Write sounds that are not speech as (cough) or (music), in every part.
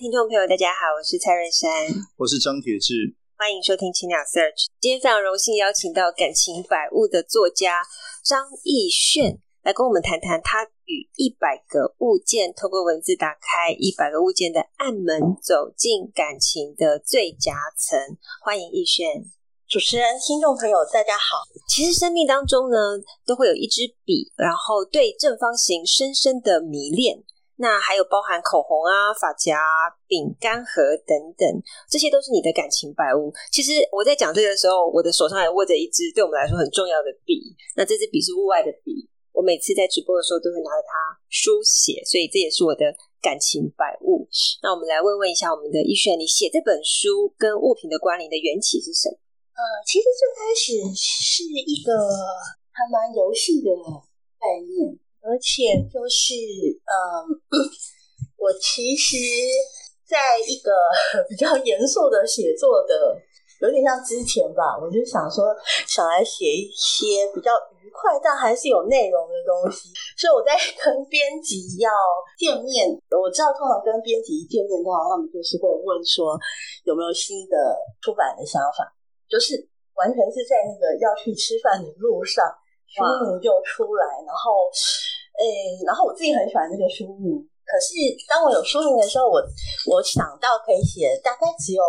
聽眾朋友，大家好，我是蔡瑞珊，我是張鐵志，歡迎收聽《青鳥 Search》。今天非常榮幸邀請到感情百物的作家張亦絢、嗯、來跟我們談談他與一百個物件，透過文字打開一百個物件的暗門，走進感情的最夾層。歡迎亦絢！主持人、聽眾朋友，大家好。其實生命當中呢，都會有一支筆，然後對正方形深深的迷戀。那還有包含口紅啊、髮夾、啊、餅乾盒等等，這些都是你的感情百物。其實我在講這個的時候，我的手上也握着一支對我們來說很重要的筆。那這支筆是物外的筆，我每次在直播的時候都會拿着它書寫，所以這也是我的感情百物。那我們來問問一下我們的亦絢，你寫這本書跟物品的關聯的緣起是什麼？呃，其實最開始是一個還蠻遊戲的概念。而且就是，呃，我其實在一個比較嚴肅的寫作的，有點像之前吧，我就想說，想來寫一些比較愉快但還是有內容的東西。所以我在跟編輯要見面，我知道通常跟編輯見面的話，他們就是會問說有沒有新的出版的想法，就是完全是在那個要去吃飯的路上，書名就出來，Wow. 然後，誒、欸，然後我自己很喜歡那個書名。可是當我有書名的時候，我我想到可以寫大概只有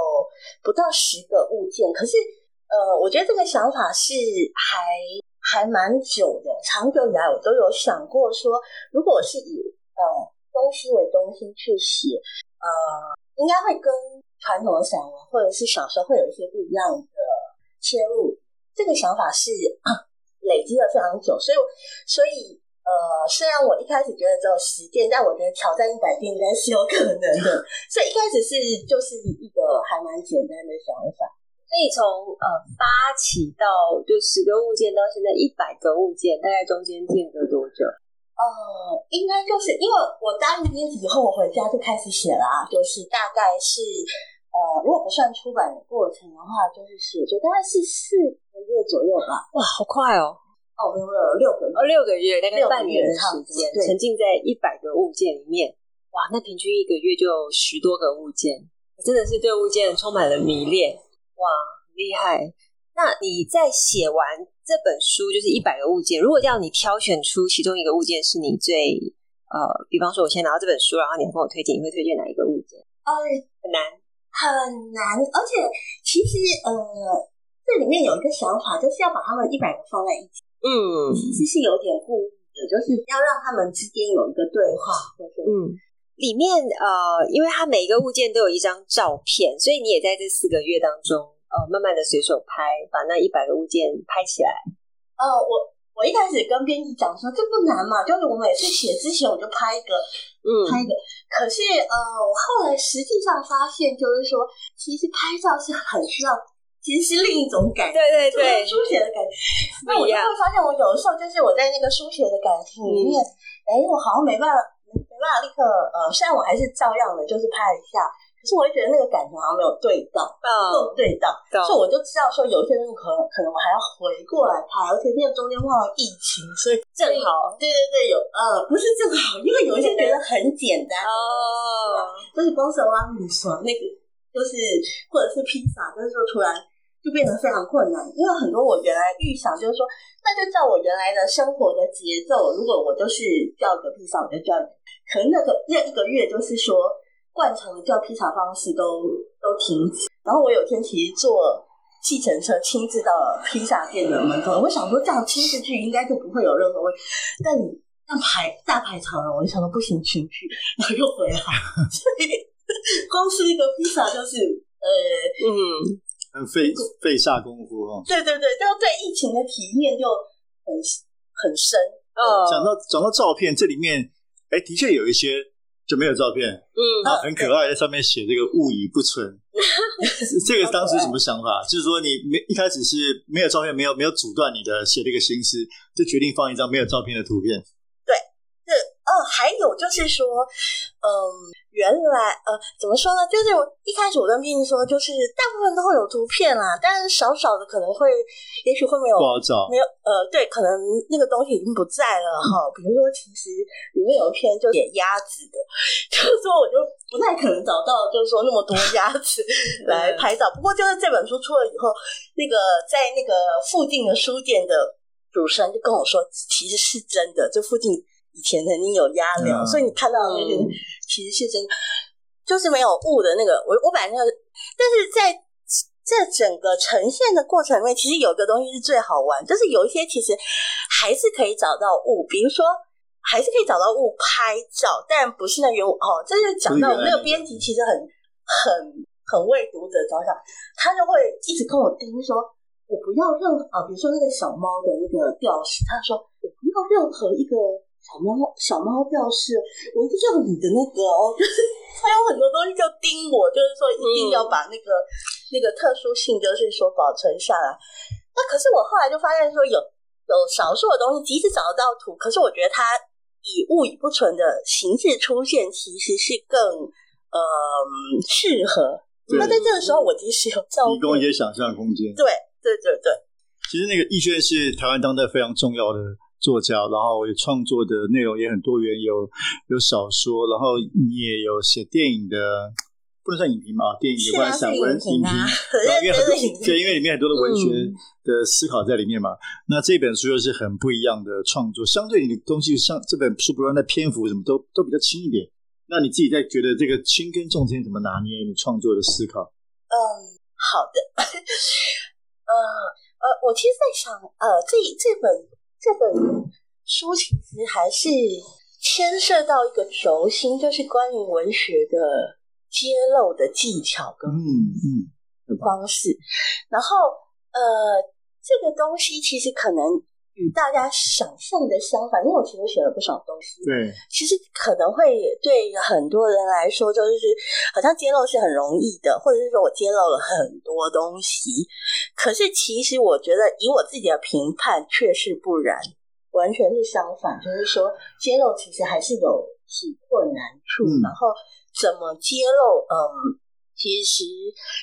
不到十個物件。可是，呃，我覺得這個想法是還還蠻久的，長久以來我都有想過說，如果我是以呃東西為中心去寫，呃，應該會跟傳統的散文或者是小說會有一些不一樣的切入。這個想法是。啊累積了非常久，所以，所以，呃，雖然我一開始覺得只有十件，但我覺得挑戰一百件應該是有可能的，所以一開始是就是一個還蠻簡單的想法。所以從呃發起到就十個物件，到現在一百個物件，大概中間間隔多久？呃，應該就是因為我答應編輯以後我回家就開始寫了，啊，就是大概是呃，如果不算出版的過程的話，就是寫就大概是四月左右吧，哇，好快哦！哦，我有六個月，哦，六個月，大概半年的時間，沉浸在一百個物件裡面，對，哇，那平均一個月就十多個物件，我真的是對物件充滿了迷戀。哇，厲害！那你在寫完這本書，就是一百個物件，如果要你挑選出其中一個物件是你最呃，比方說，我先拿到這本書，然後你來幫我推薦，你會推薦哪一個物件？哎、嗯，很難，很難，而且其實呃。這裡面有一個想法，就是要把他們一百個放在一起，嗯，其實是有點故意的，就是要讓他們之間有一個對話，就是、嗯，裡面呃，因為他每一個物件都有一張照片，所以你也在這四個月當中呃，慢慢的隨手拍，把那一百個物件拍起來。呃，我我一開始跟編輯講說這不難嘛，就是我每次寫之前我就拍一個，嗯、拍一個。可是呃，我後來實際上發現，就是說其實拍照是很需要。其實是另一種感覺，對對對，書寫的感覺。對那我就會發現，我有的時候就是我在那個書寫的感情裡面，哎，我好像沒辦法，沒辦法立刻呃，雖然我還是照樣的就是拍一下，可是我會覺得那個感情好像沒有對到，沒有、嗯、對到，嗯、所以我就知道說，有一些人可能可能我還要回過來拍。嗯、而且那個中間忘了疫情，所以正好，對，對對對，有呃、嗯，不是正好，因為有一些覺得很簡單、嗯、吧哦，就是公司的話你說那個，就是或者是披薩，就是說突然。就變得非常困難，因為很多我原來預想就是說，那就照我原來的生活的節奏，如果我就是叫個披薩，我就叫。可能那個那一個月，就是說慣常的叫披薩方式都都停止。然後我有天其實坐計程車親自到披薩店的門口，我想說這樣親自去應該就不會有任何問題。 (laughs) 但但排大排長龍，我就想說不行，不去，我又回來。 (laughs) 所以光是一個披薩就是呃 (laughs) 嗯。很費費下功夫哈，哦、對對對，然後對疫情的體驗就很很深。嗯、講到講到照片，這裡面哎，的確有一些就沒有照片，嗯，然後很可愛，嗯、在上面寫這個物已不存，嗯、這個當時是什麼想法？ (laughs) 愛就是說你沒一開始是沒有照片，沒有沒有阻斷你的寫這個心思，就決定放一張沒有照片的圖片。對，是哦，還有就是說，嗯。嗯原來呃，怎麼說呢？就是一開始我跟冰冰說，就是大部分都會有圖片啦，但是少少的可能會，也許會沒有，不好找，沒有呃，對，可能那個東西已經不在了哈。嗯、比如說，其實裡面有一篇就寫鴨子的，就是說我就不太可能找到，就是說那麼多鴨子來拍照。嗯、不過就是這本書出了以後，那個在那個附近的書店的主持人就跟我說，其實是真的，這附近以前曾經有鴨苗，嗯、所以你看到那些。其實是真，就是沒有物的那個。我我本來那、就、個、是，但是在在整個呈現的過程裡面，其實有一個東西是最好玩，就是有一些其實還是可以找到物，比如說還是可以找到物拍照，但不是那物、個、哦。這就講到那個編輯，其實很很很為讀者着想，他就會一直跟我盯說，我不要任何，比如說那個小貓的那個吊飾，他說我不要任何一個。小貓，小貓表示我要你的那個、哦，就是它有很多東西就盯我，就是說一定要把那個、嗯、那個特殊性，就是說保存下來。那可是我後來就發現說有，有有少數的東西，即使找得到圖，可是我覺得它以物已不存的形式出現，其實是更呃適合。那對在這個時候，我其實有提、嗯、供一些想象空間。對，對，對，對，對。其實那個亦絢是台灣當代非常重要的。作家，然後有創作的內容也很多元，有有小說，然後你也有寫電影的，不能算影評嘛？電影有、啊、關散文、影評，然後，因為很多對，對對，因為裡面很多的文學的思考在裡面嘛。嗯、那這本書又是很不一樣的創作，相對你的東西，像這本書，不論在篇幅什麼都都比較輕一點。那你自己在覺得這個輕跟重之間怎麼拿捏？你創作的思考？嗯，好的，呃、嗯、呃，我其實在想，呃，這這本。這本書其實還是牽涉到一個軸心，就是關於文學的揭露的技巧跟嗯的方式，嗯嗯、然後呃，這個東西其實可能。與大家想象的相反，因為我其實寫了不少東西。對，其實可能會對很多人來說，就是好像揭露是很容易的，或者是說我揭露了很多東西。可是，其實我覺得以我自己的評判，確實不然，完全是相反。就是說，揭露其實還是有其困難處，嗯、然後怎麼揭露，嗯，其實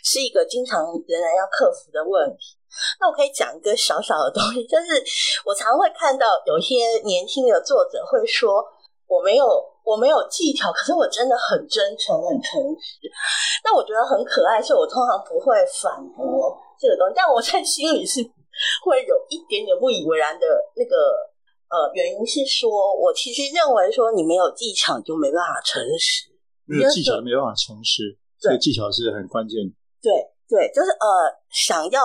是一個經常仍然要克服的問題。那我可以講一個小小的東西，就是我常會看到有些年輕的作者會說：“我沒有我沒有技巧，可是我真的很真誠、很誠實。”那我覺得很可愛，所以我通常不會反駁這個東西。但我在心裡是會有一點點不以為然的那個呃，原因是說我其實認為說你沒有技巧就沒辦法誠實，沒有技巧沒辦法誠實，這個、就是、對技巧是很關鍵。對對，就是呃，想要。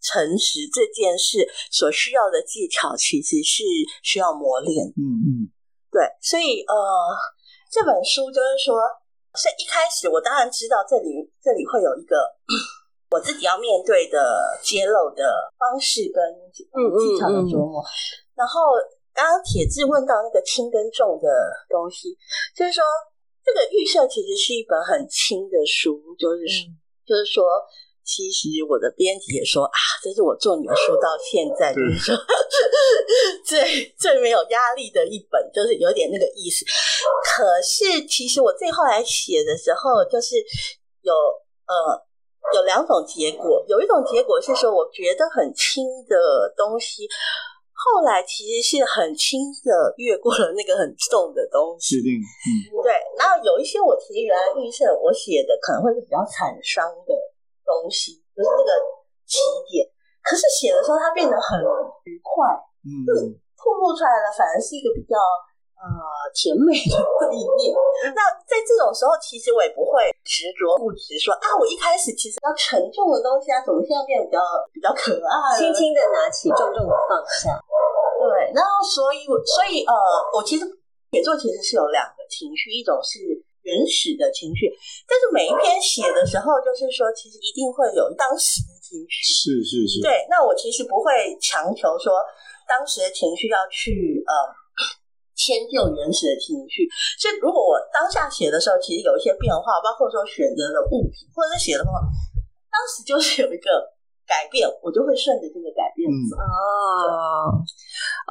誠實這件事所需要的技巧，其實是需要磨練嗯。嗯嗯，對，所以呃，這本書就是說，所以一開始我當然知道這裡這裡會有一個我自己要面對的揭露的方式跟技巧的琢磨。嗯嗯嗯、然後剛剛鐵志問到那個輕跟重的東西，就是說這個預設其實是一本很輕的書，就是、嗯、就是說。其實我的編輯也說啊，這是我做你的書到現在對就是最最沒有壓力的一本，就是有點那個意思。可是其實我最後來寫的時候，就是有呃有兩種結果，有一種結果是說我覺得很輕的東西，後來其實是很輕的越過了那個很重的東西。嗯，對。然後有一些我其實原來預設我寫的可能會是比較慘傷的。東西就是那個起點，可是寫的時候它變得很愉快，嗯，透露出來了，反而是一個比較呃甜美的一面。那在這種時候，其實我也不會執着不執，說啊，我一開始其實要沉重的東西啊，怎麼現在變得比較比較可愛？輕輕的拿起，重重的放下。對，然後所以，我所以呃，我其實寫作其實是有兩個情緒，一種是。原始的情緒，但是每一篇寫的時候，就是說，其實一定會有當時的情緒，是是是，對。那我其實不會強求說當時的情緒要去呃遷就原始的情緒，所以如果我當下寫的時候，其實有一些變化，包括說選擇的物品，或者是寫的話，當時就是有一個。改變，我都會順着這個改變啊。嗯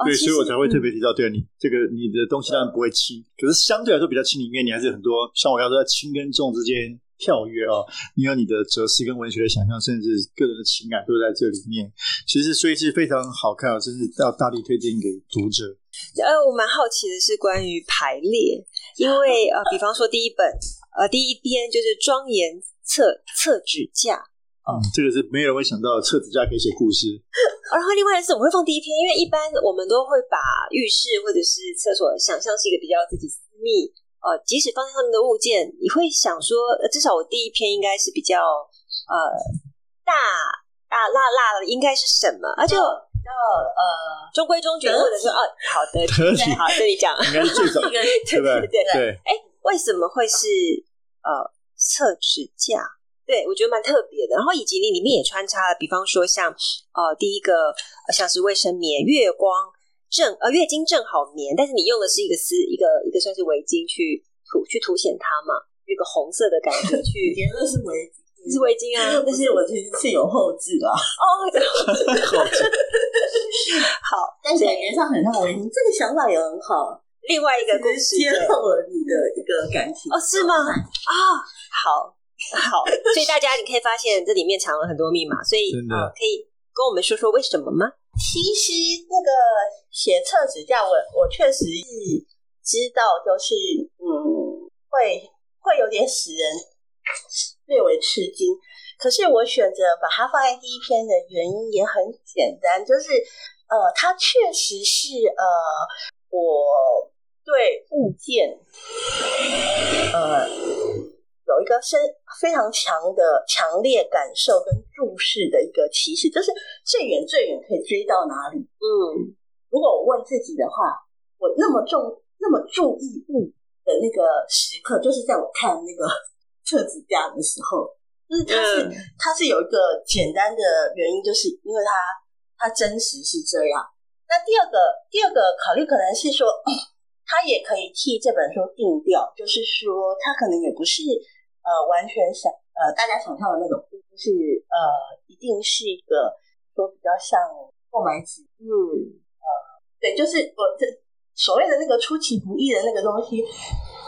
哦、對，所以我才會特別提到，嗯、對，你這個你的東西當然不會輕，嗯、可是相對來說比較輕裡面，你還是有很多。嗯、像我要在輕跟重之間跳躍啊、喔，你有你的哲思跟文學的想象，甚至個人的情感都在這裡面。其實所以是非常好看啊、喔，真是要大力推薦給讀者。呃、嗯，而我蠻好奇的是關於排列，因為、嗯、呃，比方說第一本呃第一篇就是莊嚴廁紙架。啊、嗯，這個是沒有人會想到廁紙架可以寫故事。然後另外的是，我會放第一篇，因為一般我們都會把浴室或者是廁所想象是一個比較自己私密，呃，即使放在上面的物件，你會想說、呃，至少我第一篇應該是比較呃大大辣辣的，應該是什麼？而且比較呃中規中矩，得或者說得哦，好的，得好對你得講，你應該是最早 (laughs) 對，對，對，對，對不對？對對。哎、欸，為什麼會是呃廁紙架？對，我覺得蠻特別的。然後以及你裡面也穿插了，比方說像呃，第一個像是衛生棉，月光正呃月經正好棉，但是你用的是一個絲一個一個算是圍巾去突去凸顯它嘛，一個紅色的感覺去。顏色 (laughs) 是圍巾，是圍巾啊，是但是我其實是有後置的。哦 (laughs) 織，後置。好，是是但感覺上很好。圍巾是，這個想法也很好。另外一個故事接受你的一個感情哦，是嗎？好啊，好。 (laughs) 好，所以大家你可以發現這裡面藏了很多密碼，所以可以跟我們說說為什麼嗎？的其實那個廁紙架這樣，我我確實是知道，就是嗯，會會有點使人略微吃驚。可是我選擇把它放在第一篇的原因也很簡單，就是呃，它確實是呃，我對物件，呃有一個深非常強的強烈感受跟注視的一個啟示，就是最遠最遠可以追到哪裡？嗯，如果我問自己的話，我那麼重那麼注意物的那個時刻，就是在我看那個廁紙架的時候，就是它是、嗯、它是有一個簡單的原因，就是因為它它真實是這樣。那第二個第二個考慮可能是說、嗯，它也可以替這本書定調，就是說它可能也不是。呃，完全想呃，大家想象的那種，就是呃，一定是一個說比較像購買力。嗯，呃，對，就是我這、呃、所謂的那個出其不意的那個東西，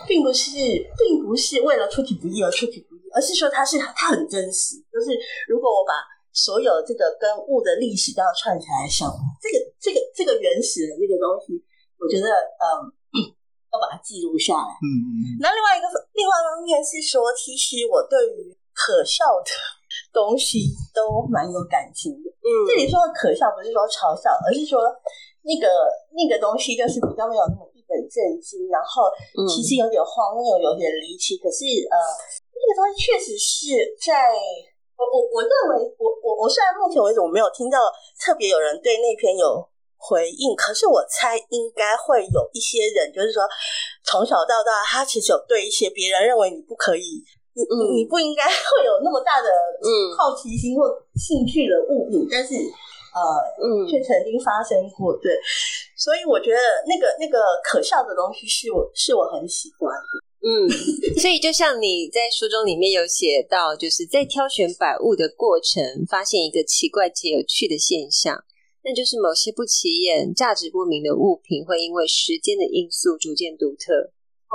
並不是，並不是為了出其不意而出其不意，而是說它是它很真實。就是如果我把所有這個跟物的歷史都要串起來想，這個這個這個原始的那個東西，我覺得嗯。呃要把它記錄下來。嗯嗯。那另外一個，另外一方面是說，其實我對於可笑的東西都蠻有感情的。嗯，這裡說的可笑不是說嘲笑，而是說那個那個東西就是比較沒有那麼一本正經，然後其實有點荒謬，有點離奇。可是，嗯，呃，那個東西確實是在我我我認為我我我雖然目前為止我沒有聽到特別有人對那篇有。回應，可是我猜應該會有一些人，就是說從小到大，他其實有對一些別人，別人認為你不可以、你、嗯、你不應該會有那麼大的好奇心或興趣的物品，但是呃、嗯、卻曾經發生過。對，所以我覺得那個那個可笑的東西是我是我很喜歡。嗯， (laughs) 所以就像你在書中裡面有寫到，就是在挑選百物的過程，發現一個奇怪且有趣的現象。那就是某些不起眼、價值不明的物品，會因為時間的因素逐漸獨特。哦，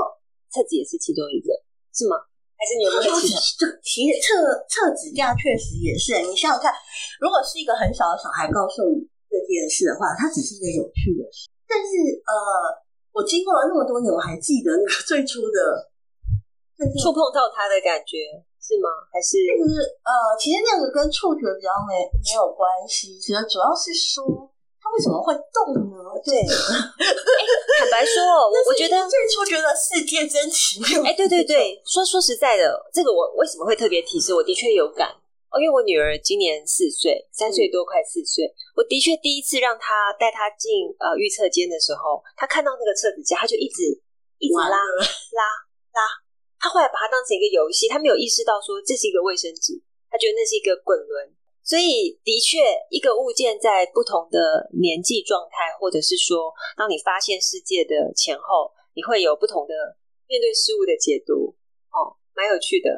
廁紙也是其中一個，是嗎？還是你有沒有其他？這其實廁廁紙架確實也是。你想想看，如果是一個很小的小孩告訴你這件事的話，它只是一個有趣的事。但是，呃，我經過了那麼多年，我還記得那個最初的觸碰到它的感覺。是嗎？還是那個呃，其實那個跟觸覺比較沒沒有關係，其實 (laughs) 主要是說他為什麼會動呢？對， (laughs) 欸、坦白說，哦我覺得這個觸覺的世界真奇妙。哎、欸，對對對,對，說說實在的，這個我為什麼會特別提示？我的確有感、哦，因為我女兒今年四歲，三歲多，快四歲。我的確第一次讓她帶她進呃預測間的時候，她看到那個廁紙架，她就一直一直拉拉了拉。拉他後來把它當成一個遊戲，他沒有意識到說這是一個衛生紙，他覺得那是一個滾輪。所以的確，一個物件在不同的年紀狀態，或者是說當你發現世界的前後，你會有不同的面對事物的解讀，哦，蠻有趣的。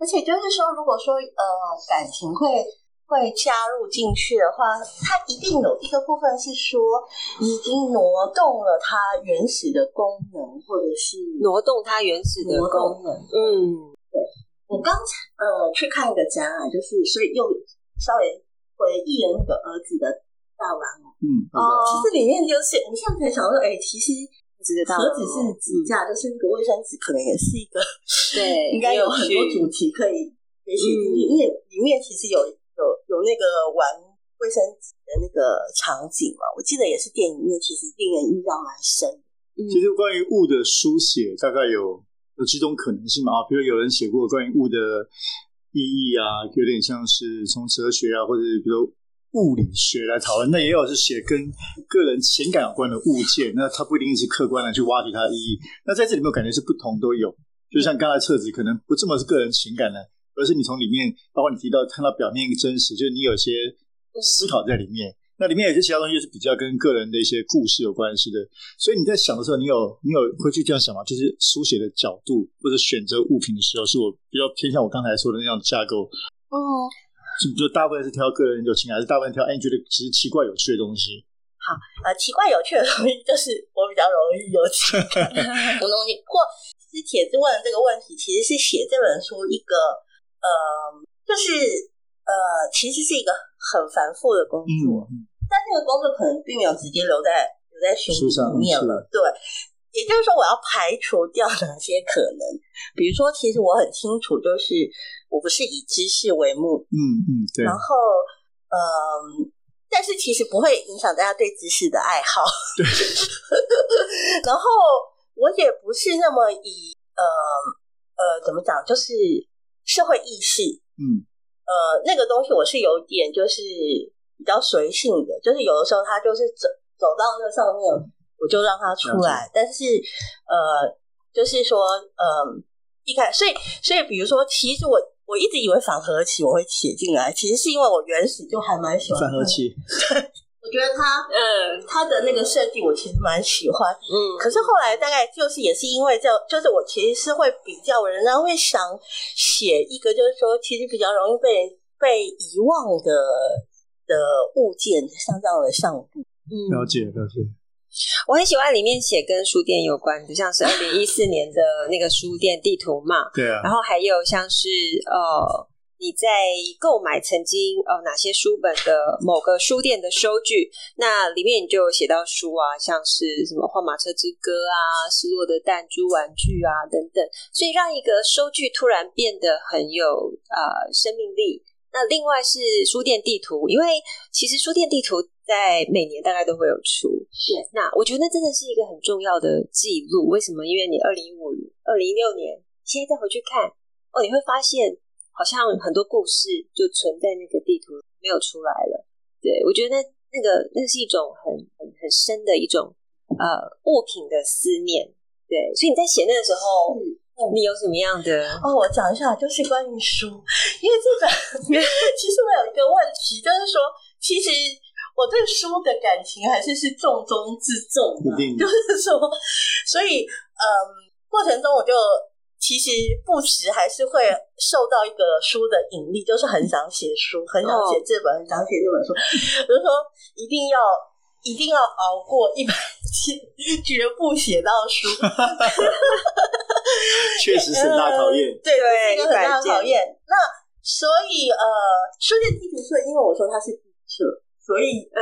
而且就是說，如果說呃，感情會。會加入進去的話，它一定有一個部分是說已經挪動了它原始的功能，或者是挪動它原始的功能。動嗯，對，我剛才呃去看一個展覽，就是所以又稍微回憶了那個兒子的大玩偶。嗯，哦，其實裡面就是我現在才想到說，哎、欸，其實何止是指甲，就是那個衛生紙可能也是一個，是對，應該有很多主題可以可以寫進去，因為裡、嗯、裡面其實有。有那個玩衛生紙的那個場景嘛，我記得也是電影院，其實令人印象蠻深。嗯，其實關於物的書寫，大概有有幾種可能性嘛？啊，比如有人寫過關於物的意義啊，有點像是從哲學啊，或者比如物理學來討論。那也有是寫跟個人情感有關的物件，那他不一定是客觀的去挖掘它的意義。那在這裡面，感覺是不同都有。就像剛才冊子，可能不這麼是個人情感的。而是你從裡面，包括你提到看到表面一個真實，就是你有些思考在裡面。是那裡面有些其他東西是比較跟個人的一些故事有關係的。所以你在想的時候你，你有你有會去這樣想嗎？就是書寫的角度或者選擇物品的時候，是我比較偏向我剛才說的那樣的架構。嗯、哦，就大部分是挑個人有情，還是大部分挑哎覺得其實奇怪有趣的東西？好，呃，奇怪有趣的東西就是我比較容易有情， (laughs) 我容易。不過其實鐵子問的這個問題，其實是寫這本書一個。呃、嗯，就是呃，其實是一個很繁複的工作，嗯嗯，但這個工作可能並沒有直接留在留在書上面。對了。對，也就是說，我要排除掉哪些可能。比如說，其實我很清楚，就是我不是以知識為目的，嗯嗯，對。然後，嗯，但是其實不會影響大家對知識的愛好。對。 (laughs) 然後，我也不是那麼以呃呃，怎麼講，就是。社會意識，嗯，呃，那個東西我是有點就是比較隨性的，就是有的時候他就是走走到那上面，我就讓他出來。嗯、但是，呃，就是說，嗯、呃，一開，所以，所以，比如說，其實我我一直以為反合期我會寫進來，其實是因為我原始就還蠻喜歡反合期，對。 (laughs) 我覺得他，呃、嗯，他的那個設計我其實蠻喜歡，嗯。可是後來大概就是也是因為這就是我其實是會比較，仍然會想寫一個，就是說其實比較容易被被遺忘的的物件，上到了上部，嗯，了解了解。我很喜歡裡面寫跟書店有關，就像是二零一四年的那個書店地圖嘛，對啊。然後還有像是呃。你在購買曾經呃、哦、哪些書本的某個書店的收據。那裡面你就寫到書啊，像是什麼《畫馬車之歌》啊，《失落的彈珠玩具》啊等等，所以讓一個收據突然變得很有啊、呃、生命力。那另外是書店地圖，因為其實書店地圖在每年大概都會有出，是那我覺得那真的是一個很重要的記錄。為什麼？因為你二零一五年、二零一六年，你現在再回去看哦，你會發現。好像很多故事就存在那個地圖，沒有出來了，對，我覺得那那個那是一種很很很深的一種呃，物品的思念，對，所以你在寫那個時候，是你有什麼樣的？嗯、哦，我找一下，就是關於書，因為這本，其實我有一個問題，就是說，其實我對書的感情還是是重中之重，啊，的。對就是說，所以嗯，過程中我就。其實不時還是會受到一個書的引力，就是很想寫書，很想寫這本，oh. 很想寫這本書。就是說，一定要，一定要熬過一百天，絕不寫到書。 (laughs) 確實是大考驗，嗯，對對，一個很大考驗。那所以呃，世界地圖冊，因為我說它是第一次，所以呃，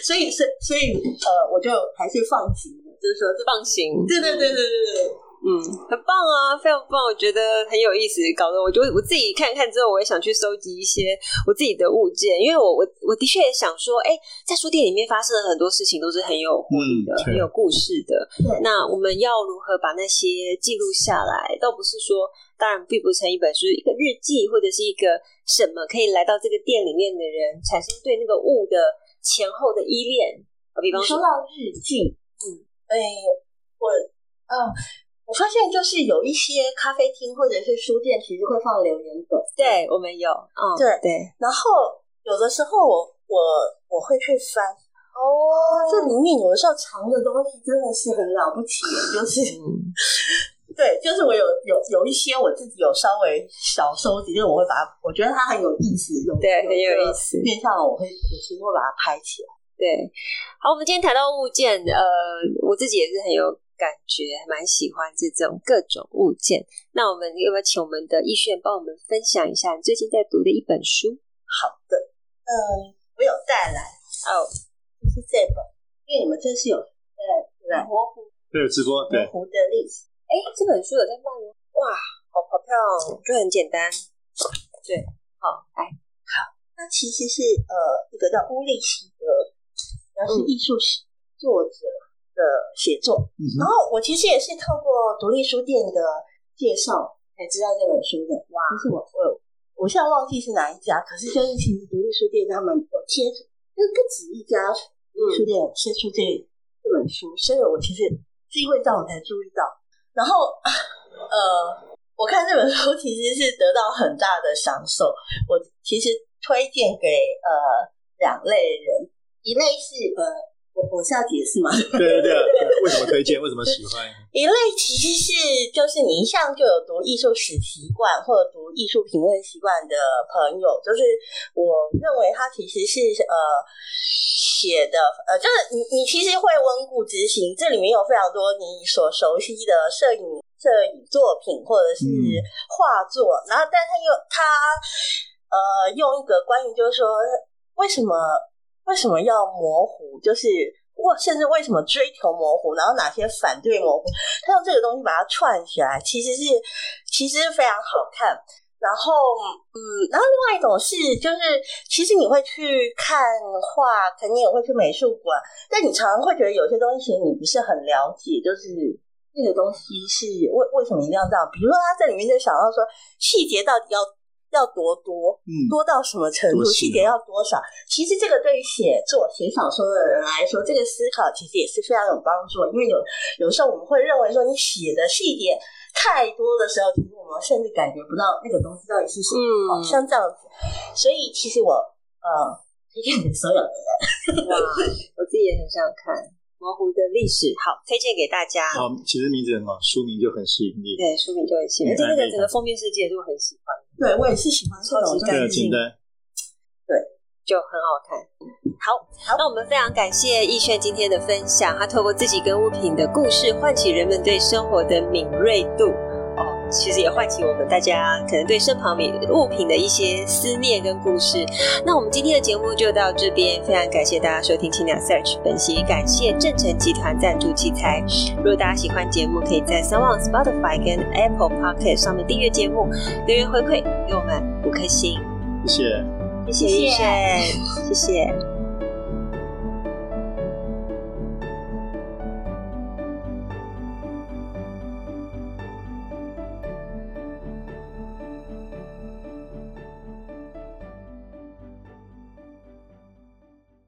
所以是，所以呃，我就還是放行，就是說這放行，對對對對對。嗯，很棒啊，非常棒，我覺得很有意思，搞得我就我自己看一看之後，我也想去收集一些我自己的物件，因為我我我的確也想說，哎、欸，在書店裡面發生了很多事情都是很有活力的，嗯、很有故事的。對、嗯，那我們要如何把那些記錄下來？倒不是說，當然並不成一本書，一個日記或者是一個什麼可以來到這個店裡面的人產生對那個物的前後的依戀。比方說，你說到日記，嗯，哎、欸，我，嗯、啊。我發現就是有一些咖啡廳，或者是書店，其實會放留言本。對，對我們有嗯，對對。對，然後有的時候我我我會去翻哦，這裡面有的時候藏的東西真的是很了不起， (laughs) 就是對，就是我有有有一些我自己有稍微小收集，就是我會把它，我覺得它很有意思，有對很有意思，有有面上我會有時候把它拍起來。對，好，我們今天談到物件，呃，我自己也是很有。感覺蠻喜歡這種各種物件。那我們要不要請我們的亦絢幫我們分享一下你最近在讀的一本書？好的，嗯，我有帶來哦，就是這本，因為你們這是有來，嗯，對吧、嗯？對、嗯、直播，對、okay。湖的歷史。哎、欸，這本書有在賣嗎？哇，好好漂亮、哦，就很簡單。對，好，哎，好，那其實是呃一、這個叫烏立希的，然後是藝術史作者。嗯寫、呃、作，然後我其實也是透過獨立書店的介紹才知道這本書的哇，就是、嗯、我我我現在忘記是哪一家，可是就是其實獨立書店他們有貼出，就是不止一家書店有貼出這這本書，所以我其實機會到我才注意到。然後呃，我看這本書其實是得到很大的享受，我其實推薦給呃兩類人，一類是呃。我我是要解釋嗎？對對對、啊，為什麼推薦？ (laughs) 為什麼喜歡？一類其實是就是你一向就有讀藝術史習慣或者讀藝術評論習、習慣的朋友，就是我認為他其實是呃寫的呃，就是你你其實會溫故知新，這裡面有非常多你所熟悉的攝影攝影作品或者是畫作，嗯、然後但他又他呃用一個關於就是說為什麼。為什麼要模糊？就是哇，甚至為什麼追求模糊？然後哪些反對模糊？他用這個東西把它串起來，其實是其實是非常好看。然後，嗯，然後另外一種是，就是其實你會去看畫，肯定也會去美術館，但你常常會覺得有些東西其實你不是很了解，就是那個東西是為為什麼一定要這樣？比如說他在裡面就想要說細節到底要。要多多、嗯、多到什麼程度？細節要多少？其實這個對於寫作寫小說的人來說，這個思考其實也是非常有幫助。因為有有時候我們會認為說，你寫的細節太多的時候，其實我們甚至感覺不到那個東西到底是什麼。嗯哦、像這樣子，所以其實我呃推薦給所有的人。 (laughs) 我自己也很想看《模糊的歷史》，好，推薦給大家。好、嗯，其實名字很好，書名就很吸引你。對，書名就很吸引。而且那個整個封面世界都很喜歡。對，我也是喜歡收拾乾淨，對，對，對，就很好看。好，好，那我們非常感謝亦絢今天的分享，他、啊、透過自己跟物品的故事，喚起人們對生活的敏銳度。其實也喚起我們大家可能對身旁物物品的一些思念跟故事。那我們今天的節目就到這邊，非常感謝大家收聽《青鳥 Search》，本期感謝正成集團贊助器材。如果大家喜歡節目，可以在 SoundOn Spotify 跟 Apple Podcast 上面訂閱節目，留言回饋給我們五顆星。謝謝，謝謝， (laughs) 謝謝，謝謝。